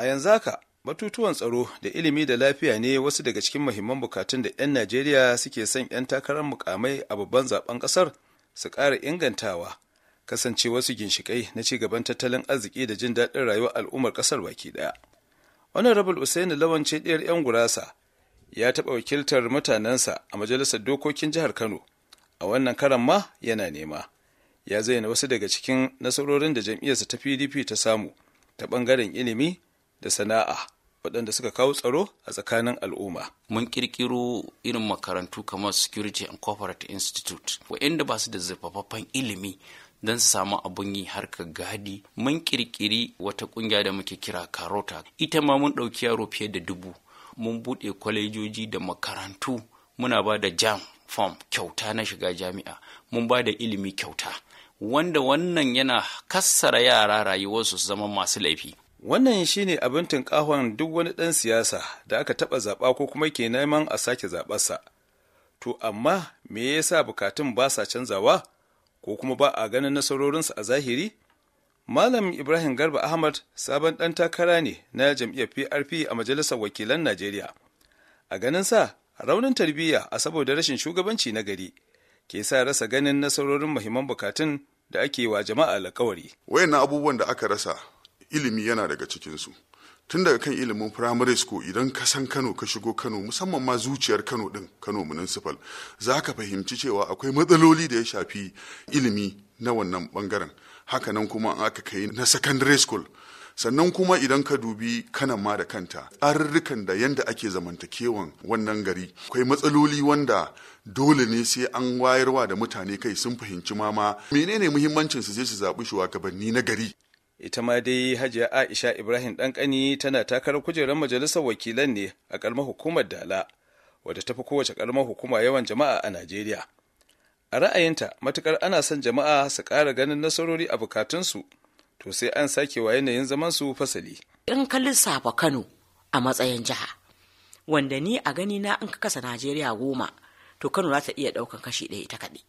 a yanzu haka batutuwan tsaro da ilimi da lafiya ne wasu daga cikin muhimman bukatun da 'yan najeriya suke son 'yan takarar mukamai a babban zaben kasar su ƙara ingantawa kasance wasu ginshikai na ci gaban tattalin arziki da jin daɗin rayuwar al'ummar ƙasar baki ɗaya wannan rabul usaini lawan ɗiyar 'yan gurasa ya taɓa wakiltar mutanensa a majalisar dokokin jihar kano a wannan karan ma yana nema ya zaina wasu daga cikin nasarorin da jam'iyyarsa ta pdp ta samu ta ɓangaren ilimi da sana'a waɗanda suka kawo tsaro a tsakanin al'umma. Mun ƙirƙiro irin makarantu kamar Security and Corporate Institute, waɗanda ba su da zurfafaffen ilimi don su samu abun yi harkar gadi. Mun ƙirƙiri wata ƙungiya da muke kira Karota, ita ma mun ɗauki yaro fiye da dubu. Mun buɗe kwalejoji da makarantu, muna ba da jam form kyauta na shiga jami'a, mun ba da ilimi kyauta. wanda wannan yana kassara yara rayuwarsu su zama masu laifi wannan shi ne abin tunkahon duk wani ɗan siyasa da aka taɓa zaɓa ko kuma ke neman a sake zaɓarsa to amma me ya sa bukatun ba sa canzawa ko kuma ba a ganin nasarorinsa a zahiri malam ibrahim garba ahmad sabon ɗan takara ne na jam'iyyar prp a majalisar wakilan najeriya a ganin sa raunin tarbiyya a saboda rashin shugabanci na gari ke sa rasa ganin nasarorin muhimman bukatun da ake wa jama'a alkawari wayannan abubuwan da aka rasa ilimi yana daga cikinsu tun daga kan ilimin primary school idan ka san kano ka shigo kano musamman ma zuciyar kano din kano municipal za ka fahimci cewa akwai matsaloli da ya shafi ilimi na wannan bangaren hakanan kuma aka kai na secondary school sannan kuma idan ka dubi kanan ma da kanta tsarurrukan da yanda ake zamantakewan wannan gari akwai matsaloli wanda dole ne sai an wayarwa da mutane kai sun fahimci mama menene muhimmancin su je su zaɓi shugabanni na gari ita ma dai hajiya aisha ibrahim ɗanƙani tana takarar kujerar majalisar wakilan ne a ƙarmar hukumar dala wadda ta fi kowace ƙarmar hukuma yawan jama'a a najeriya a ra'ayinta matukar ana son jama'a su ƙara ganin nasarori a bukatunsu to sai an sake wa yanayin zaman su fasali in ka lissafa kano a matsayin jiha wanda ni a gani na in ka kasa najeriya goma to kano za ta iya ɗaukan kashi ɗaya ita kaɗai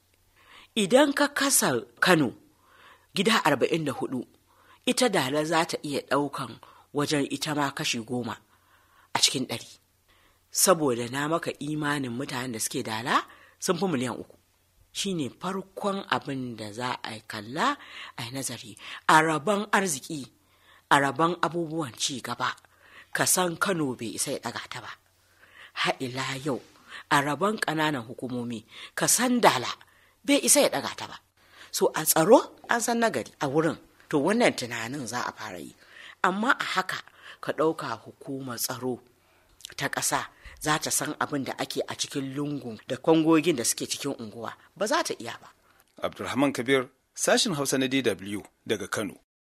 idan ka kasa kano gida arba'in da hudu ita dala za ta iya ɗaukan wajen ita ma kashi goma a cikin ɗari saboda na maka imanin mutanen da suke dala sun fi miliyan uku shine farkon abin da za a kalla a nazari a rabon arziki a rabon abubuwan ci gaba ka san kano bai isa ya ɗaga ta ba ha'ila yau a rabon ƙananan hukumomi ka san dala bai isa ya ɗaga ta ba so a tsaro an san nagari a wurin to wannan tunanin za a fara yi amma a haka ka ɗauka hukumar tsaro ta ƙasa za ta san abin da ake a cikin lungun da kwangogin da suke cikin unguwa ba za ta iya ba. Abdulrahman Kabir sashin Hausa na DW daga Kano.